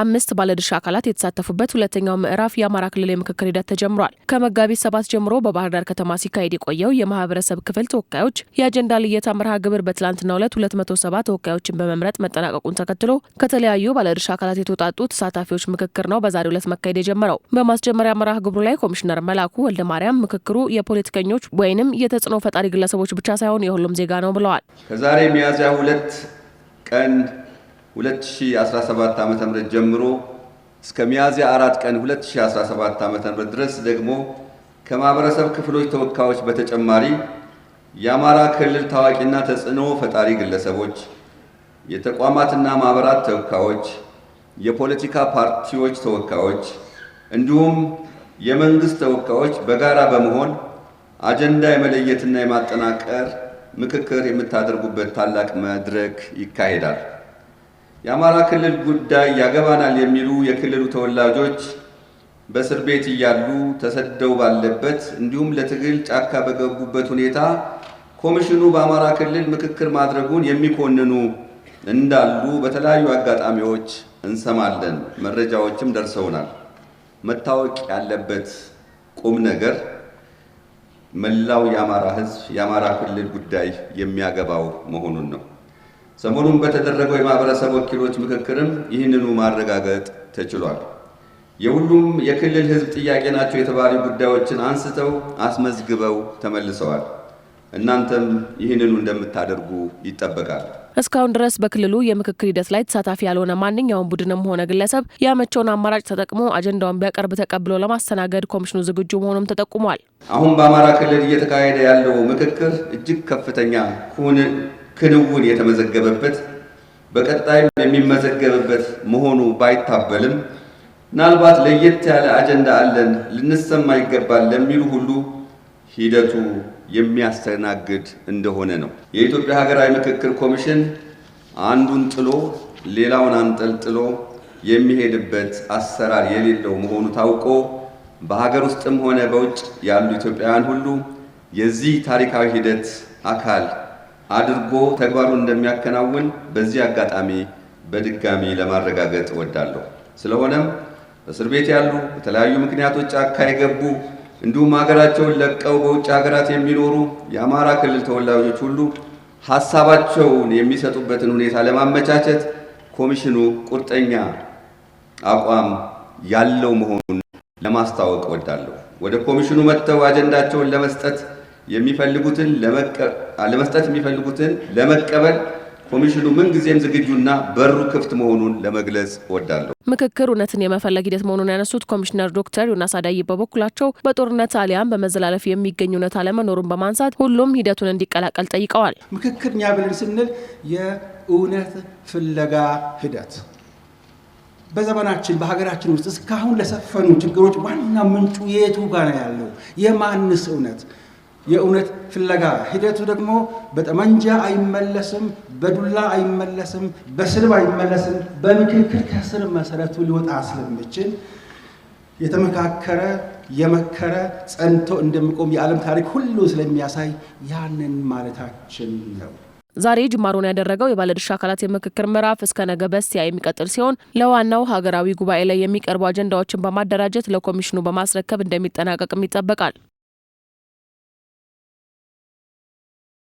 አምስት ባለድርሻ አካላት የተሳተፉበት ሁለተኛው ምዕራፍ የአማራ ክልል የምክክር ሂደት ተጀምሯል። ከመጋቢት ሰባት ጀምሮ በባህር ዳር ከተማ ሲካሄድ የቆየው የማህበረሰብ ክፍል ተወካዮች የአጀንዳ ልየታ መርሃ ግብር በትላንትናው ዕለት ሁለት መቶ ሰባ ተወካዮችን በመምረጥ መጠናቀቁን ተከትሎ ከተለያዩ ባለድርሻ አካላት የተውጣጡ ተሳታፊዎች ምክክር ነው በዛሬው ዕለት መካሄድ የጀመረው። በማስጀመሪያ መርሃ ግብሩ ላይ ኮሚሽነር መላኩ ወልደ ማርያም ምክክሩ የፖለቲከኞች ወይንም የተጽዕኖ ፈጣሪ ግለሰቦች ብቻ ሳይሆን የሁሉም ዜጋ ነው ብለዋል። ከዛሬ ሚያዝያ ሁለት ቀን 2017 ዓ.ም ጀምሮ እስከ ሚያዝያ አራት ቀን 2017 ም ድረስ ደግሞ ከማህበረሰብ ክፍሎች ተወካዮች በተጨማሪ የአማራ ክልል ታዋቂና ተጽዕኖ ፈጣሪ ግለሰቦች፣ የተቋማትና ማህበራት ተወካዮች፣ የፖለቲካ ፓርቲዎች ተወካዮች እንዲሁም የመንግስት ተወካዮች በጋራ በመሆን አጀንዳ የመለየትና የማጠናቀር ምክክር የምታደርጉበት ታላቅ መድረክ ይካሄዳል። የአማራ ክልል ጉዳይ ያገባናል የሚሉ የክልሉ ተወላጆች በእስር ቤት እያሉ ተሰደው ባለበት እንዲሁም ለትግል ጫካ በገቡበት ሁኔታ ኮሚሽኑ በአማራ ክልል ምክክር ማድረጉን የሚኮንኑ እንዳሉ በተለያዩ አጋጣሚዎች እንሰማለን፣ መረጃዎችም ደርሰውናል። መታወቅ ያለበት ቁም ነገር መላው የአማራ ሕዝብ የአማራ ክልል ጉዳይ የሚያገባው መሆኑን ነው። ሰሞኑን በተደረገው የማህበረሰብ ወኪሎች ምክክርም ይህንኑ ማረጋገጥ ተችሏል። የሁሉም የክልል ህዝብ ጥያቄ ናቸው የተባሉ ጉዳዮችን አንስተው አስመዝግበው ተመልሰዋል። እናንተም ይህንኑ እንደምታደርጉ ይጠበቃል። እስካሁን ድረስ በክልሉ የምክክር ሂደት ላይ ተሳታፊ ያልሆነ ማንኛውም ቡድንም ሆነ ግለሰብ ያመቸውን አማራጭ ተጠቅሞ አጀንዳውን ቢያቀርብ ተቀብሎ ለማስተናገድ ኮሚሽኑ ዝግጁ መሆኑም ተጠቁሟል። አሁን በአማራ ክልል እየተካሄደ ያለው ምክክር እጅግ ከፍተኛ ክንውን የተመዘገበበት በቀጣይም የሚመዘገብበት መሆኑ ባይታበልም ምናልባት ለየት ያለ አጀንዳ አለን ልንሰማ ይገባል ለሚሉ ሁሉ ሂደቱ የሚያስተናግድ እንደሆነ ነው። የኢትዮጵያ ሀገራዊ ምክክር ኮሚሽን አንዱን ጥሎ ሌላውን አንጠልጥሎ የሚሄድበት አሰራር የሌለው መሆኑ ታውቆ በሀገር ውስጥም ሆነ በውጭ ያሉ ኢትዮጵያውያን ሁሉ የዚህ ታሪካዊ ሂደት አካል አድርጎ ተግባሩን እንደሚያከናውን በዚህ አጋጣሚ በድጋሚ ለማረጋገጥ እወዳለሁ። ስለሆነም በእስር ቤት ያሉ በተለያዩ ምክንያቶች ጫካ የገቡ እንዲሁም ሀገራቸውን ለቀው በውጭ ሀገራት የሚኖሩ የአማራ ክልል ተወላጆች ሁሉ ሀሳባቸውን የሚሰጡበትን ሁኔታ ለማመቻቸት ኮሚሽኑ ቁርጠኛ አቋም ያለው መሆኑን ለማስታወቅ እወዳለሁ። ወደ ኮሚሽኑ መጥተው አጀንዳቸውን ለመስጠት የሚፈልጉትን ለመስጠት የሚፈልጉትን ለመቀበል ኮሚሽኑ ምንጊዜም ዝግጁና በሩ ክፍት መሆኑን ለመግለጽ እወዳለሁ። ምክክር እውነትን የመፈለግ ሂደት መሆኑን ያነሱት ኮሚሽነር ዶክተር ዮናስ አዳይ በበኩላቸው በጦርነት አሊያም በመዘላለፍ የሚገኝ እውነት አለመኖሩን በማንሳት ሁሉም ሂደቱን እንዲቀላቀል ጠይቀዋል። ምክክር እኛ ብለን ስንል የእውነት ፍለጋ ሂደት በዘመናችን በሀገራችን ውስጥ እስካሁን ለሰፈኑ ችግሮች ዋና ምንጩ የቱ ጋር ነው ያለው? የማንስ እውነት የእውነት ፍለጋ ሂደቱ ደግሞ በጠመንጃ አይመለስም፣ በዱላ አይመለስም፣ በስድብ አይመለስም። በምክክር ከስር መሰረቱ ሊወጣ ስለሚችል የተመካከረ የመከረ ጸንቶ እንደሚቆም የዓለም ታሪክ ሁሉ ስለሚያሳይ ያንን ማለታችን ነው። ዛሬ ጅማሮን ያደረገው የባለድርሻ አካላት የምክክር ምዕራፍ እስከ ነገ በስቲያ የሚቀጥል ሲሆን ለዋናው ሀገራዊ ጉባኤ ላይ የሚቀርቡ አጀንዳዎችን በማደራጀት ለኮሚሽኑ በማስረከብ እንደሚጠናቀቅም ይጠበቃል።